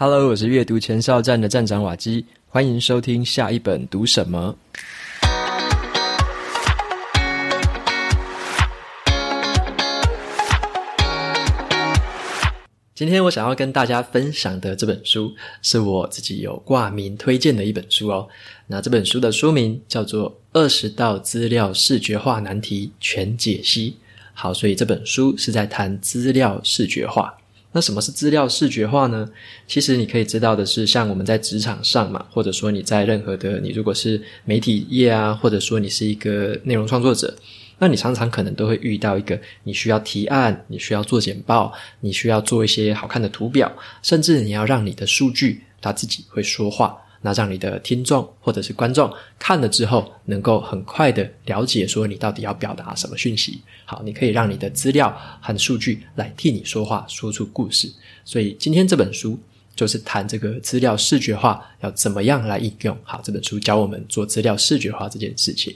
Hello，我是閱讀前哨站的站長瓦基，歡迎收聽下一本讀什麼。今天我想要跟大家分享的這本書，是我自己有掛名推薦的一本書哦。那這本書的書名叫做《二十道資料視覺化難題全解析》。好，所以這本書是在談資料視覺化。那什麼是資料視覺化呢？其實你可以知道的是，像我們在職場上嘛，或者說你在任何的，你如果是媒體業啊，或者說你是一個內容創作者，那你常常可能都會遇到一個，你需要提案，你需要做簡報，你需要做一些好看的圖表，甚至你要讓你的數據它自己會說話。那讓你的聽眾或者是觀眾看了之後，能夠很快的了解說你到底要表達什麼訊息。好，你可以讓你的資料和數據來替你說話，說出故事。所以今天這本書就是談這個資料視覺化要怎麼樣來應用。好，這本書教我們做資料視覺化這件事情。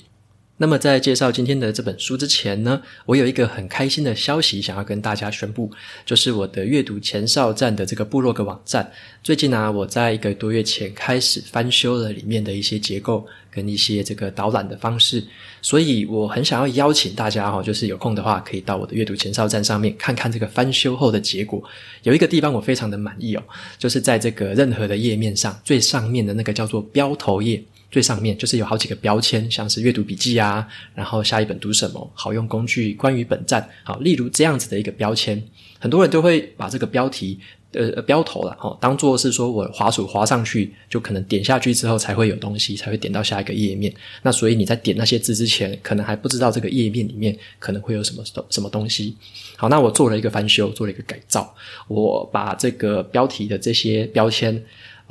那麼在介紹今天的這本書之前呢，我有一個很開心的消息想要跟大家宣布，就是我的閱讀前哨站的這個部落格網站，最近呢、啊、我在一個多月前開始翻修了裡面的一些結構跟一些這個導覽的方式，所以我很想要邀請大家哈、哦，就是有空的話可以到我的閱讀前哨站上面看看這個翻修後的結果。有一個地方我非常的滿意哦，就是在這個任何的頁面上最上面的那個叫做標頭頁。最上面就是有好幾個標籤，像是閱讀筆記啊，然後下一本讀什麼，好用工具、關於本站，好，例如這樣子的一個標籤，很多人都會把這個標題呃標頭了哦，當作是說我滑鼠，滑上去就可能點下去之後才會有東西，才會點到下一個頁面。那所以你在點那些字之前，可能還不知道這個頁面裡面可能會有什麼什麼東西。好，那我做了一個翻修，做了一個改造，我把這個標題的這些標籤。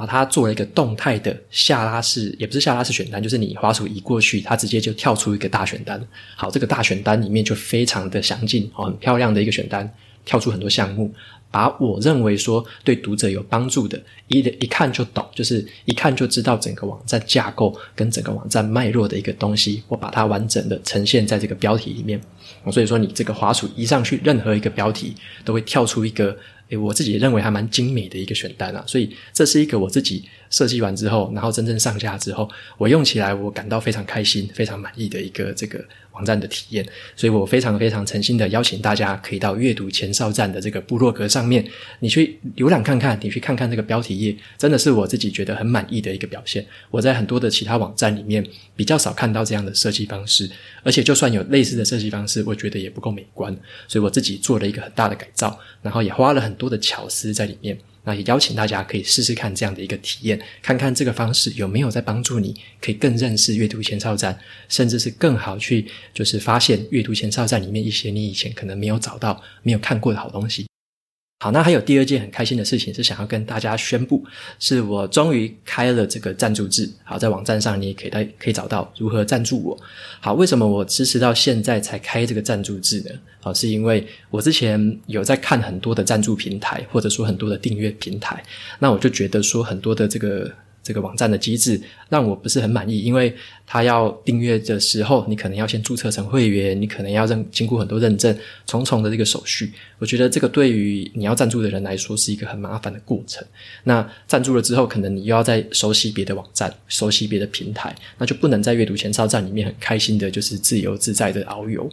把它做了一個動態的下拉式，也不是下拉式選單，就是你滑鼠移過去，它直接就跳出一個大選單。好，這個大選單裡面就非常的詳盡，哦，很漂亮的一個選單，跳出很多項目。把我認為說對讀者有幫助的，一一看就懂，就是一看就知道整個網站架構跟整個網站脈絡的一個東西，我把它完整的呈現在這個標題裡面。哦，所以說，你這個滑鼠移上去，任何一個標題都會跳出一個。哎，我自己也認為還蠻精美的一個選單啊，所以這是一個我自己設計完之後，然後真正上架之後，我用起來我感到非常開心、非常滿意的一個這個網站的體驗。所以我非常非常誠心的邀請大家可以到閱讀前哨站的這個部落格上面，你去瀏覽看看，你去看看這個標題頁，真的是我自己覺得很滿意的一個表現。我在很多的其他網站裡面比較少看到這樣的設計方式，而且就算有類似的設計方式，我覺得也不夠美觀，所以我自己做了一個很大的改造，然後也花了很。多的巧思在裡面，那也邀請大家可以試試看這樣的一個體驗，看看這個方式有沒有在幫助你，可以更認識閱讀前哨站，甚至是更好去就是發現閱讀前哨站裡面一些你以前可能沒有找到、沒有看過的好東西。好，那還有第二件很開心的事情是，想要跟大家宣布，是我終於開了這個贊助制。好，在網站上你也可以在可以找到如何贊助我。好，為什麼我支持到現在才開這個贊助制呢？好，是因為我之前有在看很多的贊助平台，或者說很多的訂閱平台，那我就覺得說很多的這個。這個網站的機制讓我不是很滿意，因為他要訂閱的時候，你可能要先注冊成會員，你可能要認經過很多認證，重重的這個手續。我覺得這個對於你要贊助的人來說是一個很麻煩的過程。那贊助了之後，可能你又要再熟悉別的網站，熟悉別的平台，那就不能在閱讀前哨站裡面很開心的，就是自由自在的遨遊。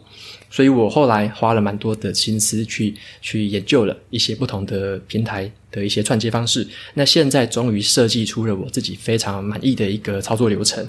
所以我後來花了蠻多的心思去去研究了一些不同的平台，的一些串接方式，那現在終於設計出了我自己非常滿意的一個操作流程。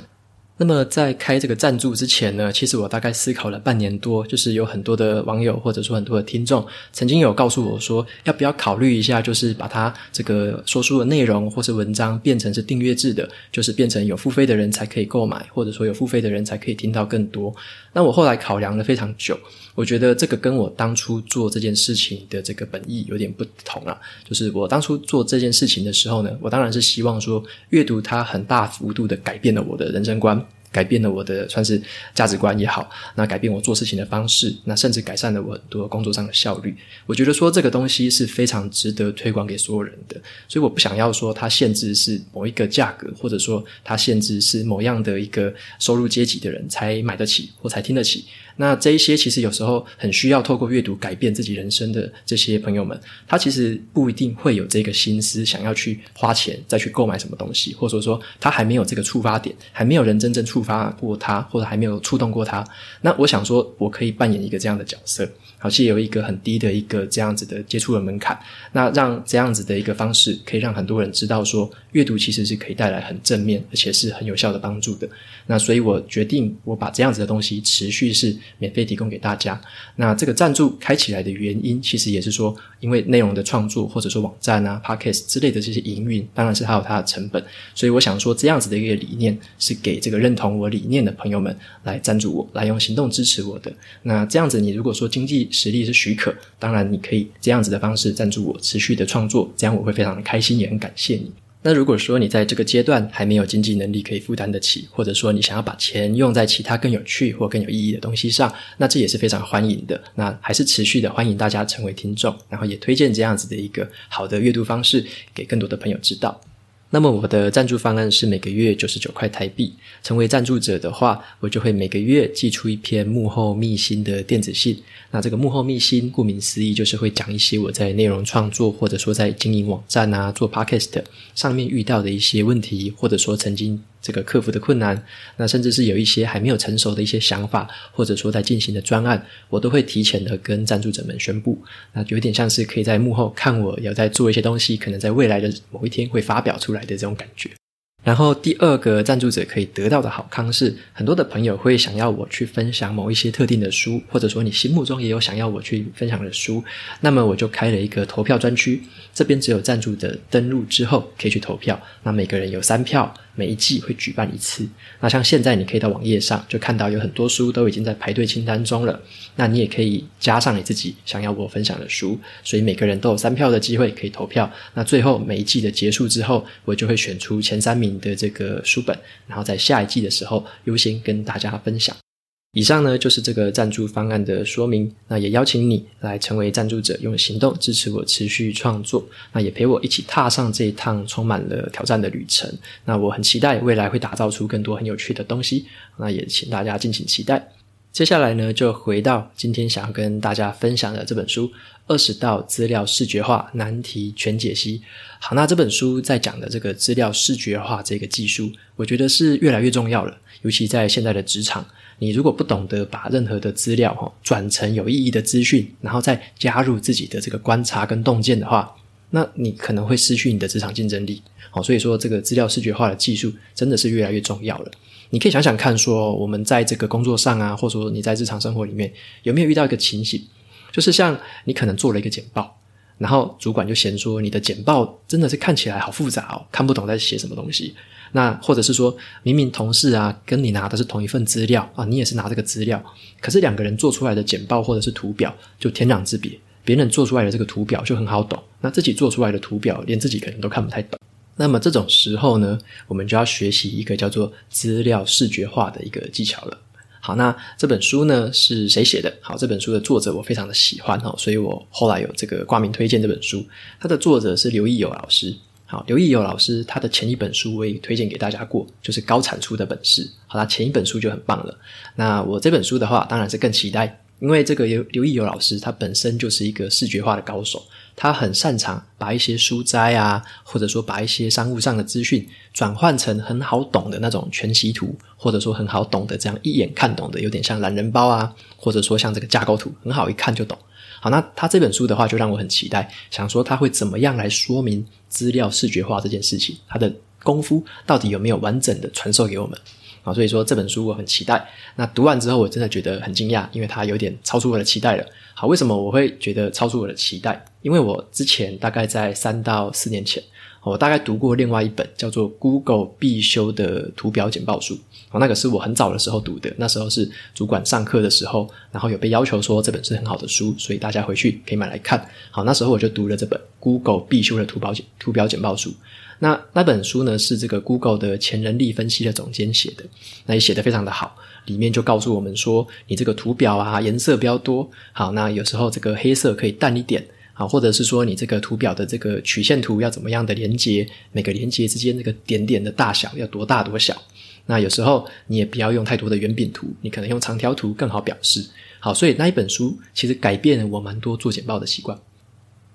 那麼在開這個贊助之前呢，其實我大概思考了半年多，就是有很多的網友或者說很多的聽眾曾經有告訴我說，要不要考慮一下，就是把它這個說書的內容或是文章變成是訂閱制的，就是變成有付費的人才可以購買，或者說有付費的人才可以聽到更多。那我後來考量了非常久。我覺得這個跟我當初做這件事情的這個本意有點不同啊。就是我當初做這件事情的時候呢，我當然是希望說，閱讀它很大幅度的改變了我的人生觀。改變了我的算是價值觀也好，那改變我做事情的方式，那甚至改善了我很多工作上的效率。我覺得說這個東西是非常值得推廣給所有人的，所以我不想要說它限制是某一個價格，或者說它限制是某樣的一個收入階級的人才買得起或才聽得起。那這一些其實有時候很需要透過閱讀改變自己人生的這些朋友們，他其實不一定會有這個心思想要去花錢再去購買什麼東西，或者說他還沒有這個觸發點，還沒有人真正觸。觸發過他，或者還沒有觸動過他，那我想說我可以扮演一個這樣的角色。好像有一個很低的一個這樣子的接觸的門檻，那讓這樣子的一個方式可以讓很多人知道說閱讀其實是可以帶來很正面，而且是很有效的幫助的。那所以，我決定我把這樣子的東西持續是免費提供給大家。那這個贊助開起來的原因，其實也是說，因為內容的創作或者說網站啊、podcast 之類的這些營運，當然是還有它的成本。所以，我想說這樣子的一個理念是給這個認同我理念的朋友們來贊助我，來用行動支持我的。那這樣子，你如果說經濟實力是許可，當然你可以這樣子的方式贊助我持續的創作，這樣我會非常的開心，也很感謝你。那如果說你在這個階段還沒有經濟能力可以負擔得起，或者說你想要把錢用在其他更有趣或更有意義的東西上，那這也是非常歡迎的。那還是持續的歡迎大家成為聽眾，然後也推薦這樣子的一個好的閱讀方式給更多的朋友知道。那麼我的贊助方案是每個月九十九塊台幣，成為贊助者的話，我就會每個月寄出一篇幕後祕辛的電子信。那這個幕後祕辛，顧名思義，就是會講一些我在內容創作或者說在經營網站啊、做 podcast 上面遇到的一些問題，或者說曾經這個克服的困難，那甚至是有一些還沒有成熟的一些想法，或者說在進行的專案，我都會提前的跟贊助者們宣佈。那就有點像是可以在幕後看我有在做一些東西，可能在未來的某一天會發表出來的這種感覺。然後第二個贊助者可以得到的好康是，很多的朋友會想要我去分享某一些特定的書，或者說你心目中也有想要我去分享的書，那麼我就開了一個投票專區，這邊只有贊助者登錄之後可以去投票，那每個人有三票。每一季會舉辦一次。那像現在，你可以到網頁上就看到有很多書都已經在排隊清單中了。那你也可以加上你自己想要我分享的書，所以每個人都有三票的機會可以投票。那最後每一季的結束之後，我就會選出前三名的這個書本，然後在下一季的時候優先跟大家分享。以上呢，就是這個贊助方案的說明。那也邀請你來成為贊助者，用行動支持我持續創作。那也陪我一起踏上這一趟充滿了挑戰的旅程。那我很期待未來會打造出更多很有趣的東西。那也請大家敬請期待。接下來呢，就回到今天想要跟大家分享的這本書《二十道資料視覺化難題全解析》。好，那這本書在講的這個資料視覺化這個技術，我覺得是越來越重要了，尤其在現在的職場。你如果不懂得把任何的資料轉成有意義的資訊，然後再加入自己的這個觀察跟洞見的話，那你可能會失去你的職場競爭力。哦，所以說這個資料視覺化的技術真的是越來越重要了。你可以想想看，說我們在這個工作上啊，或者說你在日常生活裡面有沒有遇到一個情形，就是像你可能做了一個簡報。然後主管就嫌說，你的簡報真的是看起來好複雜哦，看不懂在寫什麼東西。那或者是說，明明同事啊跟你拿的是同一份資料啊，你也是拿這個資料，可是兩個人做出來的簡報或者是圖表就天壤之別。別人做出來的這個圖表就很好懂，那自己做出來的圖表連自己可能都看不太懂。那麼這種時候呢，我們就要學習一個叫做資料視覺化的一個技巧了。好，那這本書呢是誰寫的？好，這本書的作者我非常的喜歡哈、哦，所以我後來有這個掛名推薦這本書。他的作者是劉奕酉老師。好，劉奕酉老師他的前一本書我也推薦給大家過，就是《高產出的本事》好。好，他前一本書就很棒了。那我這本書的話，當然是更期待，因為這個劉劉奕酉老師他本身就是一個視覺化的高手。他很擅長把一些書摘啊，或者說把一些商務上的資訊轉換成很好懂的那種全息圖，或者說很好懂的這樣一眼看懂的，有點像懶人包啊，或者說像這個架構圖，很好一看就懂。好，那他這本書的話，就讓我很期待，想說他會怎麼樣來說明資料視覺化這件事情，他的功夫到底有沒有完整的傳授給我們？所以說這本書我很期待。那讀完之後我真的覺得很驚訝，因為它有點超出我的期待了。好，為什麼我會覺得超出我的期待？因為我之前大概在三到四年前，我大概讀過另外一本叫做《Google 必修的圖表簡報術》。好，那個是我很早的時候讀的，那時候是主管上課的時候，然後有被要求說這本是很好的書，所以大家回去可以買來看。好，那時候我就讀了這本《Google 必修的圖表簡圖表簡報術》。那那本書呢，是這個 Google 的前人力分析的總監寫的，那也寫得非常的好。裡面就告訴我們說，你這個圖表啊，顏色比較多，好，那有時候這個黑色可以淡一點，好，或者是說你這個圖表的這個曲線圖要怎麼樣的連接，每個連接之間那個點點的大小要多大多小。那有時候你也不要用太多的圓餅圖，你可能用長條圖更好表示。好，所以那一本書其實改變了我蠻多做簡報的習慣，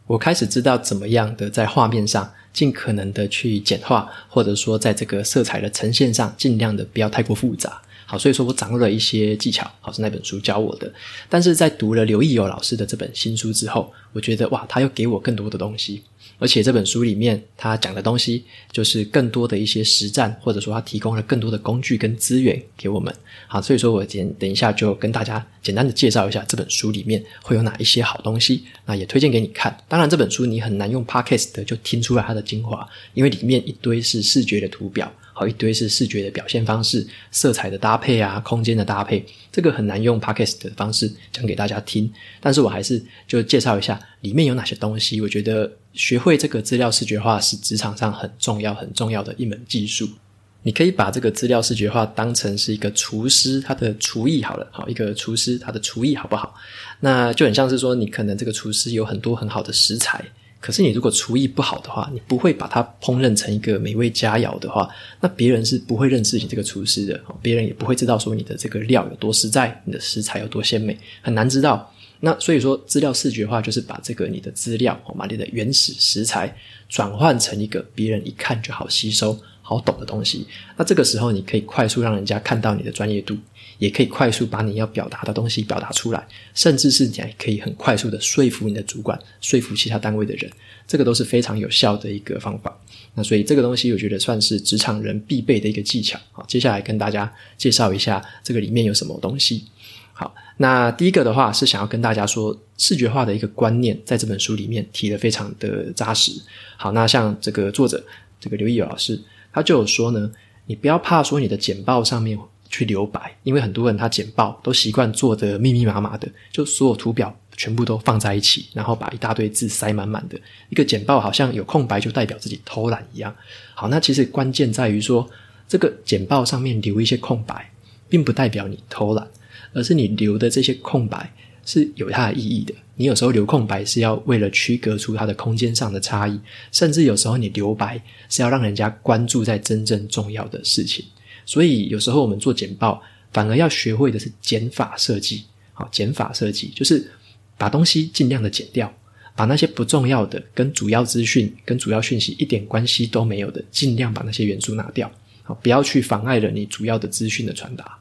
我開始知道怎麼樣的在畫面上。盡可能的去簡化，或者說在這個色彩的呈現上，盡量的不要太過複雜。好，所以說我掌握了一些技巧，好，是那本書教我的。但是在讀了劉奕酉老師的這本新書之後，我覺得哇，他又給我更多的東西。而且這本書裡面，它講的東西就是更多的一些實戰，或者說它提供了更多的工具跟資源給我們。好，所以說我簡，等一下就跟大家簡單的介紹一下這本書裡面會有哪一些好東西，那也推薦給你看。當然，這本書你很難用 Podcast 的就聽出來它的精華，因為裡面一堆是視覺的圖表。好，一堆是視覺的表現方式、色彩的搭配啊、空間的搭配，這個很難用 Podcast 的方式講給大家聽。但是我還是就介紹一下裡面有哪些東西。我覺得學會這個資料視覺化是職場上很重要、很重要的一門技術。你可以把這個資料視覺化當成是一個廚師，他的廚藝好了，好，一個廚師，他的廚藝好不好？那就很像是說，你可能這個廚師有很多很好的食材。可是你如果廚藝不好的話，你不會把它烹飪成一個美味佳餚的話，那別人是不會認識你這個廚師的，別人也不會知道說你的這個料有多實在，你的食材有多鮮美，很難知道。那所以說資料視覺化就是把這個你的資料，把你的原始食材，轉換成一個別人一看就好吸收，好懂的東西，那這個時候你可以快速讓人家看到你的專業度，也可以快速把你要表達的東西表達出來，甚至是你還可以很快速的說服你的主管，說服其他單位的人，這個都是非常有效的一個方法。那所以這個東西我覺得算是職場人必備的一個技巧。好，接下來跟大家介紹一下這個裡面有什麼東西。好，那第一個的話是想要跟大家說，視覺化的一個觀念，在這本書裡面提得非常的紮實。好，那像這個作者，這個劉奕酉老師。他就有說呢，你不要怕說你的簡報上面去留白，因為很多人他簡報都習慣做得密密麻麻的，就所有圖表全部都放在一起，然後把一大堆字塞滿滿的，一個簡報好像有空白就代表自己偷懶一樣。好，那其實關鍵在於說，這個簡報上面留一些空白，並不代表你偷懶，而是你留的這些空白，是有它的意義的。你有時候留空白是要為了區隔出它的空間上的差異，甚至有時候你留白是要讓人家關注在真正重要的事情。所以有時候我們做簡報，反而要學會的是減法設計。好，減法設計就是把東西儘量的減掉，把那些不重要的、跟主要資訊跟主要訊息一點關係都沒有的，儘量把那些元素拿掉。好，不要去妨礙了你主要的資訊的傳達。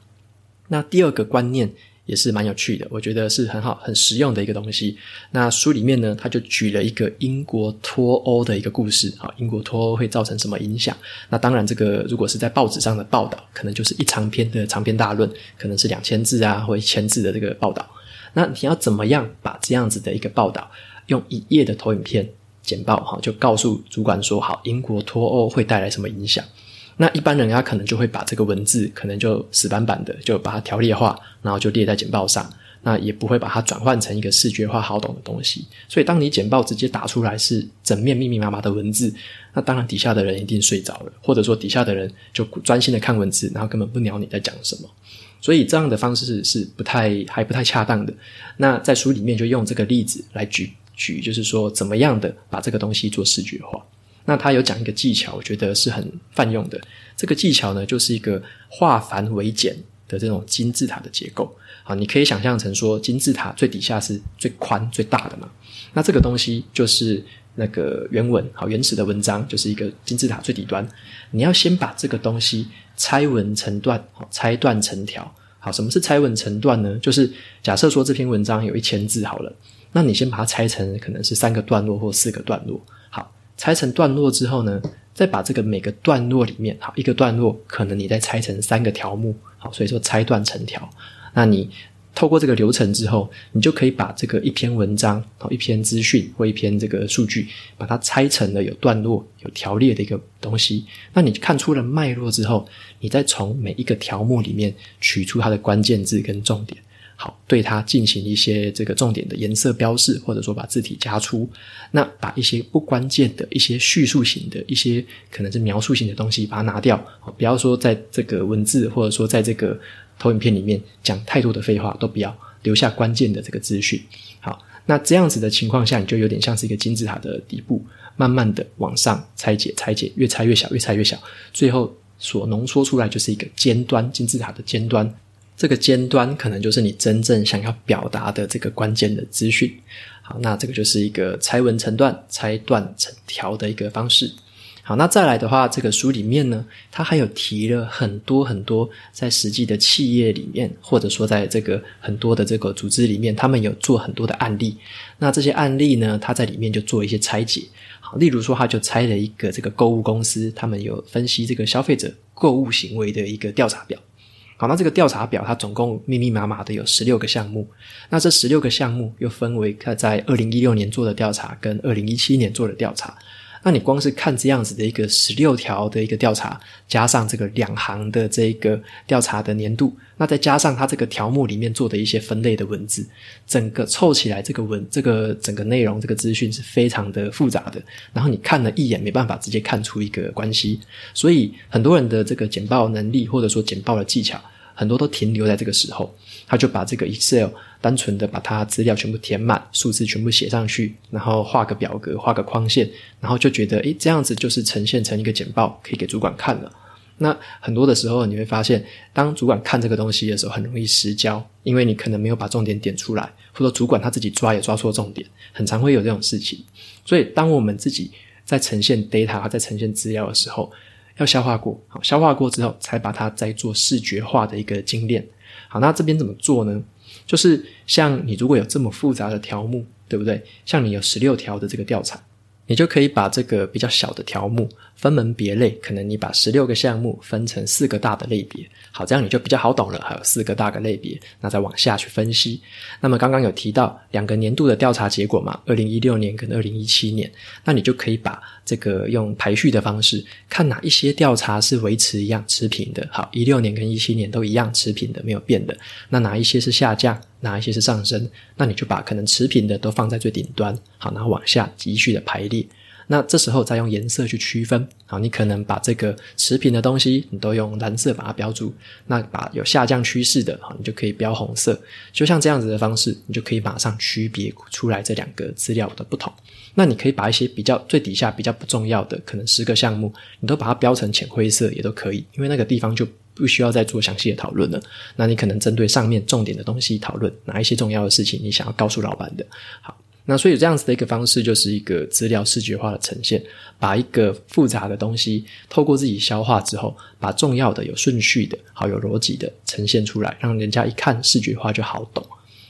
那第二個觀念。也是蠻有趣的，我覺得是很好、很實用的一個東西。那書裡面呢，他就舉了一個英國脫歐的一個故事，好，英國脫歐會造成什麼影響？那當然，這個如果是在報紙上的報道，可能就是一長篇的長篇大論，可能是兩千字啊或者一千字的這個報道。那你要怎麼樣把這樣子的一個報道用一頁的投影片簡報，哈，就告訴主管說，好，英國脫歐會帶來什麼影響？那一般人他可能就會把這個文字，可能就死板板的，就把它條列化，然後就列在簡報上。那也不會把它轉換成一個視覺化好懂的東西。所以，當你簡報直接打出來是整面密密麻麻的文字，那當然底下的人一定睡着了，或者說底下的人就專心的看文字，然後根本不鳥你在講什麼。所以，這樣的方式是不太還不太恰當的。那在書裡面就用這個例子來舉舉，就是說怎麼樣的把這個東西做視覺化。那他有講一個技巧，我覺得是很泛用的。這個技巧呢，就是一個化繁為簡的這種金字塔的結構。好，你可以想象成說，金字塔最底下是最寬最大的嘛。那這個東西就是那個原文，好，原始的文章，就是一個金字塔最底端。你要先把這個東西拆文成段，拆段成條。好，什麼是拆文成段呢？就是假設說這篇文章有一千字好了，那你先把它拆成可能是三個段落或四個段落。拆成段落之後呢，再把這個每個段落裡面，好，一個段落可能你再拆成三個條目，好，所以說拆斷成條。那你透過這個流程之後，你就可以把這個一篇文章，好，一篇資訊或一篇這個數據，把它拆成了有段落、有條列的一個東西。那你看出了脈絡之後，你再從每一個條目裡面取出它的關鍵字跟重點。好，對它進行一些這個重點的顏色標示，或者說把字體加粗。那把一些不關鍵的一些敘述型的一些可能是描述型的東西把它拿掉。不要說在這個文字或者說在這個投影片裡面講太多的廢話，都不要留下關鍵的這個資訊。好，那這樣子的情況下，你就有點像是一個金字塔的底部，慢慢的往上拆解、拆解，越拆越小，越拆越小，最後所濃縮出來就是一個尖端，金字塔的尖端。這個尖端可能就是你真正想要表達的這個關鍵的資訊。好，那這個就是一個拆文成段、拆段成條的一個方式。好，那再來的話，這個書裡面呢，它還有提了很多很多在實際的企業裡面，或者說在這個很多的這個組織裡面，他們有做很多的案例。那這些案例呢，它在裡面就做一些拆解。好，例如說，他就拆了一個這個購物公司，他們有分析這個消費者購物行為的一個調查表。好，那這個調查表它總共密密麻麻的有十六個項目，那這十六個項目又分為它在二零一六年做的調查跟二零一七年做的調查。那你光是看這樣子的一個十六條的一個調查，加上這個兩行的這個調查的年度，那再加上它這個條目裡面做的一些分類的文字，整個湊起來這個文這個整個內容這個資訊是非常的複雜的，然後你看了一眼沒辦法直接看出一個關係，所以很多人的這個簡報能力或者說簡報的技巧，很多都停留在這個時候。他就把這個 Excel 單純的把它資料全部填滿，數字全部寫上去，然後畫個表格，畫個框線，然後就覺得，誒，這樣子就是呈現成一個簡報，可以給主管看了。那很多的時候，你會發現，當主管看這個東西的時候，很容易失焦，因為你可能沒有把重點點出來，或者主管他自己抓也抓錯重點，很常會有這種事情。所以，當我們自己在呈現 data，在呈現資料的時候，要消化過，好，消化過之後，才把它再做視覺化的一個精煉。好，那這邊怎麼做呢？就是像你如果有這麼複雜的條目，對不對？像你有十六條的這個調查。你就可以把這個比較小的條目分門別類，可能你把十六個項目分成四個大的類別，好，這樣你就比較好懂了。還有四個大的類別，那再往下去分析。那麼剛剛有提到兩個年度的調查結果嘛，二零一六年跟二零一七年，那你就可以把這個用排序的方式，看哪一些調查是維持一樣持平的，好，一六年跟一七年都一樣持平的，沒有變的，那哪一些是下降？哪一些是上升？那你就把可能持平的都放在最頂端，好，然後往下繼續的排列。那這時候再用顏色去區分，好，你可能把這個持平的東西，你都用藍色把它標注。那把有下降趨勢的，好，你就可以標紅色。就像這樣子的方式，你就可以馬上區別出來這兩個資料的不同。那你可以把一些比較最底下比較不重要的，可能十個項目，你都把它標成淺灰色，也都可以，因為那個地方就。不需要再做詳細的討論了。那你可能針對上面重點的東西討論，哪一些重要的事情你想要告訴老板的？好，那所以這樣子的一個方式就是一個資料視覺化的呈現，把一個複雜的東西透過自己消化之後，把重要的、有順序的、好有邏輯的呈現出來，讓人家一看視覺化就好懂。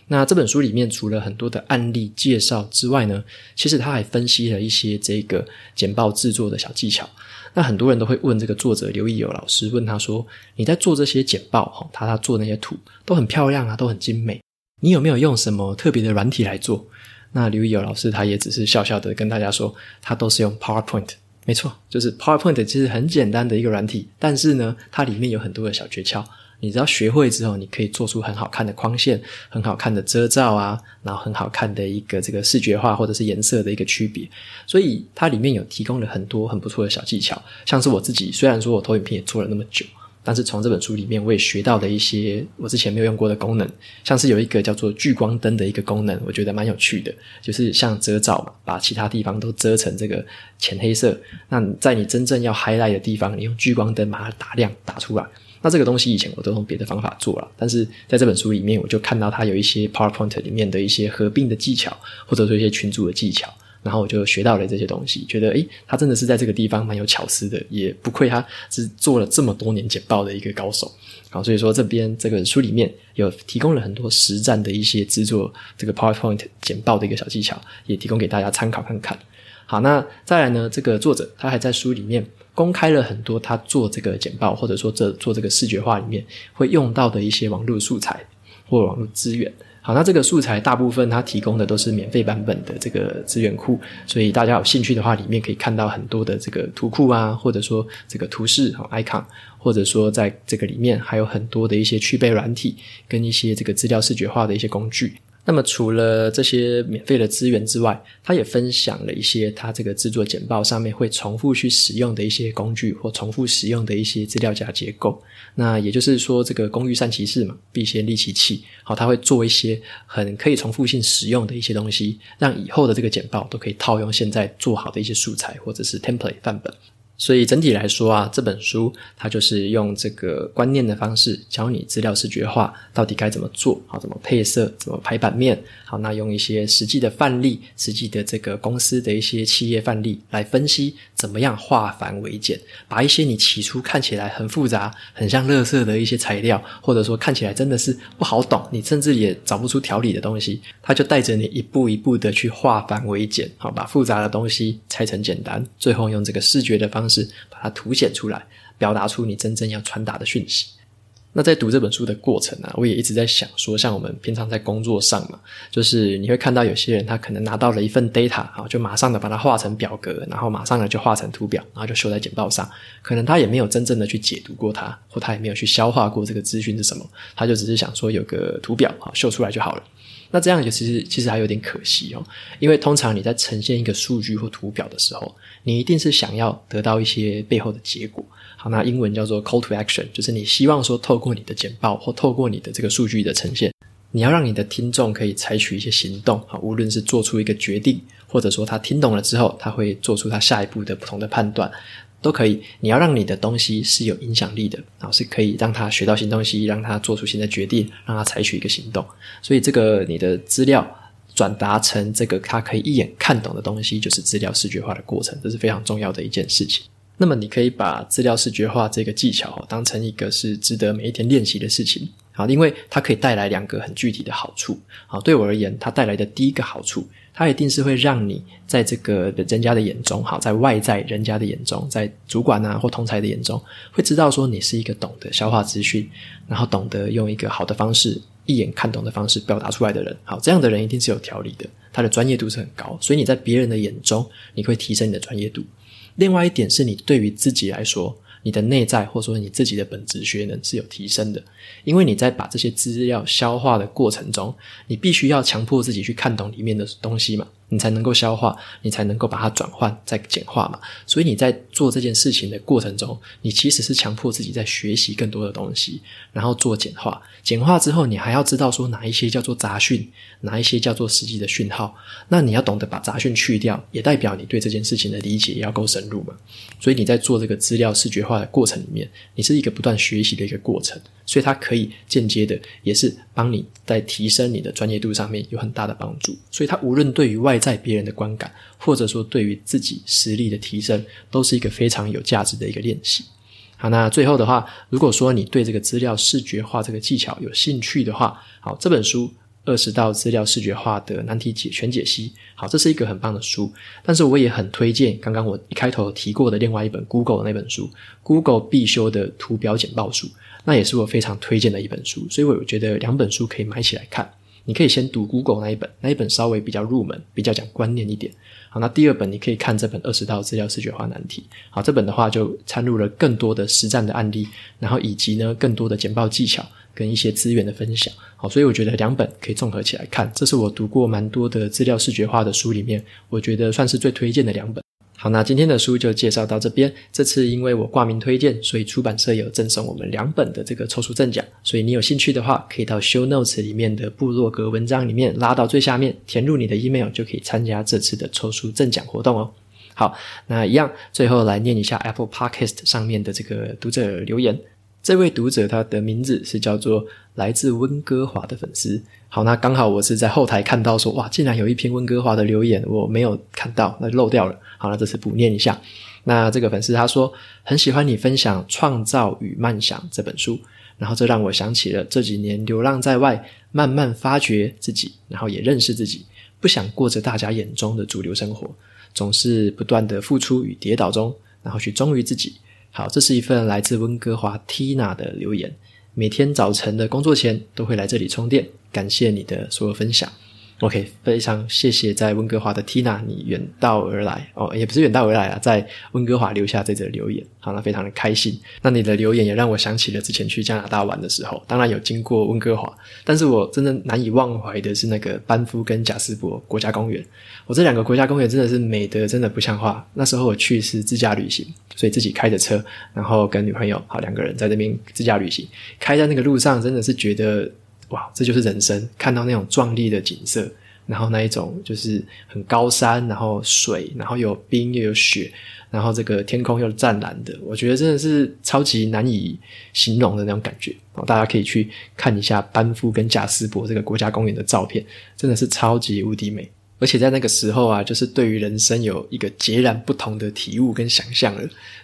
那這本書裡面除了很多的案例介紹之外呢，其實他還分析了一些這個簡報制作的小技巧。那很多人都會問這個作者劉奕酉老師，問他說：“你在做這些簡報，他他做那些圖都很漂亮啊，都很精美，你有沒有用什麼特別的軟體來做？”那劉奕酉老師他也只是笑笑的跟大家說：“他都是用 PowerPoint，沒錯，就是 PowerPoint，其實很簡單的一個軟體，但是呢，它裡面有很多的小訣竅。”你只要學會之後，你可以做出很好看的框線，很好看的遮罩啊，然後很好看的一個這個視覺化或者是顏色的一個區別。所以它裡面有提供了很多很不錯的小技巧，像是我自己雖然說我投影片也做了那麼久，但是從這本書裡面我也學到的一些我之前沒有用過的功能，像是有一個叫做聚光燈的一個功能，我覺得蠻有趣的，就是像遮罩，把其他地方都遮成這個淺黑色，那你在你真正要 highlight 的地方，你用聚光燈把它打亮打出來。那這個東西以前我都用別的方法做了，但是在這本書裡面，我就看到他有一些 PowerPoint 裡面的一些合併的技巧，或者說一些群組的技巧，然後我就學到了這些東西，覺得誒、欸，他真的是在這個地方蠻有巧思的，也不愧他是做了這麼多年簡報的一個高手。好，所以說這邊這個書裡面有提供了很多實戰的一些製作這個 PowerPoint 簡報的一個小技巧，也提供給大家參考看看。好，那再來呢，這個作者他還在書裡面公開了很多他做這個簡報或者說這做這個視覺化裡面會用到的一些網絡素材或者網絡資源。好，那這個素材大部分他提供的都是免費版本的這個資源庫，所以大家有興趣的話，裡面可以看到很多的這個圖庫啊，或者說這個圖示、啊、icon，或者說在這個裡面還有很多的一些去背軟體跟一些這個資料視覺化的一些工具。那麼除了這些免費的資源之外，他也分享了一些他這個製作簡報上面會重複去使用的一些工具或重複使用的一些資料夾結構。那也就是說，這個工欲善其事嘛，必先利其器。好，他會做一些很可以重複性使用的一些東西，讓以後的這個簡報都可以套用現在做好的一些素材或者是 template 範本。所以整體來說啊，這本書它就是用這個觀念的方式，教你資料視覺化到底該怎麼做，好，怎麼配色，怎麼排版面。那用一些實際的範例、實際的這個公司的一些企業範例來分析，怎麼樣化繁為簡，把一些你起初看起來很複雜、很像垃圾的一些材料，或者說看起來真的是不好懂，你甚至也找不出條理的東西，他就帶着你一步一步的去化繁為簡，好把複雜的東西拆成簡單，最後用這個視覺的方式把它凸顯出來，表達出你真正要傳達的訊息。那在讀這本書的過程呢、啊，我也一直在想說，像我們平常在工作上嘛，就是你會看到有些人他可能拿到了一份 data 啊，就馬上的把它畫成表格，然後馬上的就畫成圖表，然後就秀在簡報上。可能他也沒有真正的去解讀過它，或他也沒有去消化過這個資訊是什麼，他就只是想說有個圖表啊秀出來就好了。那這樣也其實其實還有點可惜哦，因為通常你在呈現一個數據或圖表的時候，你一定是想要得到一些背後的結果。好，那英文叫做 call to action，就是你希望說透過你的簡報或透過你的這個數據的呈現，你要讓你的聽眾可以採取一些行動。啊，無論是做出一個決定，或者說他聽懂了之後，他會做出他下一步的不同的判斷，都可以。你要讓你的東西是有影響力的，然後是可以讓他學到新東西，讓他做出新的決定，讓他採取一個行動。所以，這個你的資料轉達成這個他可以一眼看懂的東西，就是資料視覺化的過程，這是非常重要的一件事情。那麼，你可以把資料視覺化這個技巧當成一個是值得每一天練習的事情啊，因為它可以帶來兩個很具體的好處啊。對我而言，它帶來的第一個好處，它一定是會讓你在這個人家的眼中，好，在外在人家的眼中，在主管啊或同儕的眼中，會知道說你是一個懂得消化資訊，然後懂得用一個好的方式。一眼看懂的方式表達出來的人，好，這樣的人一定是有條理的，他的專業度是很高，所以你在別人的眼中，你會提升你的專業度。另外一點是你對於自己來說，你的內在或者說你自己的本質學能是有提升的，因為你在把這些資料消化的過程中，你必須要強迫自己去看懂裡面的東西嘛。你才能夠消化，你才能夠把它轉換再簡化嘛。所以你在做這件事情的過程中，你其實是強迫自己在學習更多的東西，然後做簡化。簡化之後，你還要知道說哪一些叫做雜訊，哪一些叫做實際的訊號。那你要懂得把雜訊去掉，也代表你對這件事情的理解也要夠深入嘛。所以你在做這個資料視覺化的過程裡面，你是一個不斷學習的一個過程。所以它可以間接的，也是幫你在提升你的專業度上面有很大的幫助。所以它無論對於外在別人的觀感，或者說對於自己實力的提升，都是一個非常有價值的一個練習。好，那最後的話，如果說你對這個資料視覺化這個技巧有興趣的話，好，這本書《二十道資料視覺化的難題解全解析》，好，這是一個很棒的書。但是我也很推薦剛剛我一開頭提過的另外一本 Google 那本書《Google 必修的圖表簡報術》，那也是我非常推薦的一本書。所以我覺得兩本書可以買起來看。你可以先讀 Google 那一本，那一本稍微比較入門，比較講觀念一點。好，那第二本你可以看這本《二十道資料視覺化難題》。好，這本的話就摻入了更多的實戰的案例，然後以及呢更多的簡報技巧跟一些資源的分享。好，所以我覺得兩本可以綜合起來看。這是我讀過蠻多的資料視覺化的書裡面，我覺得算是最推薦的兩本。好，那今天的書就介紹到這邊。這次因為我掛名推薦，所以出版社有贈送我們兩本的這個抽書贈獎。所以你有興趣的話，可以到 show notes 裡面的部落格文章裡面拉到最下面，填入你的 email 就可以參加這次的抽書贈獎活動哦。好，那一樣，最後來念一下 Apple Podcast 上面的這個讀者留言。這位讀者，他的名字是叫做來自溫哥華的粉絲。好，那剛好我是在後台看到說，哇，竟然有一篇溫哥華的留言，我沒有看到，那就漏掉了。好，那這次補念一下。那這個粉絲他說很喜歡你分享《創造與漫想》這本書，然後這讓我想起了這幾年流浪在外，慢慢發掘自己，然後也認識自己，不想過着大家眼中的主流生活，總是不斷的付出與跌倒中，然後去忠於自己。好，這是一份來自溫哥華 Tina 的留言，每天早晨的工作前，都會來這裡充電，感謝你的所有分享。OK，非常謝謝在溫哥華的 Tina，你遠道而來哦，也不是遠道而來啊，在溫哥華留下這則留言。好，那非常的開心。那你的留言也讓我想起了之前去加拿大玩的時候，當然有經過溫哥華，但是我真的難以忘懷的是那個班夫跟賈斯伯國家公園。我這兩個國家公園真的是美得真的不像話。那時候我去是自駕旅行，所以自己開着車，然後跟女朋友，好，兩個人在這邊自駕旅行，開在那個路上真的是覺得。哇，這就是人生！看到那種壯麗的景色，然後那一種就是很高山，然後水，然後有冰又有雪，然後這個天空又湛藍的，我覺得真的是超級難以形容的那種感覺。哦，大家可以去看一下班夫跟賈斯伯這個國家公園的照片，真的是超級無敵美。而且在那個時候啊，就是對於人生有一個截然不同的體悟跟想象了。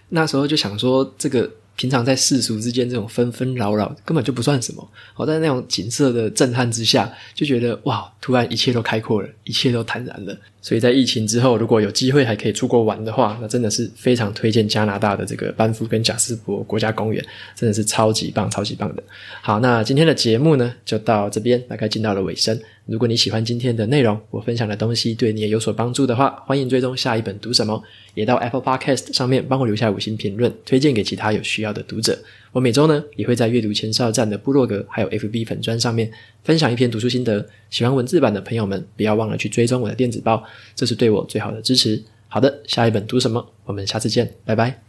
那時候就想說，這個。平常在世俗之間這種紛紛擾擾根本就不算什麼，好，在那種景色的震撼之下，就覺得哇，突然一切都開闊了，一切都坦然了。所以在疫情之後，如果有機會還可以出國玩的話，那真的是非常推薦加拿大的這個班夫跟賈斯伯國家公園，真的是超級棒、超級棒的。好，那今天的節目呢，就到這邊，大概進到了尾聲。如果你喜歡今天的內容，我分享的東西對你也有所幫助的話，歡迎追蹤下一本讀什麼，也到 Apple Podcast 上面幫我留下五星評論，推薦給其他有需要的讀者。我每週呢也會在閱讀前哨站的部落格還有 FB 粉專上面分享一篇讀書心得，喜歡文字版的朋友們不要忘了去追蹤我的電子報，這是對我最好的支持。好的，下一本讀什麼？我們下次見，拜拜。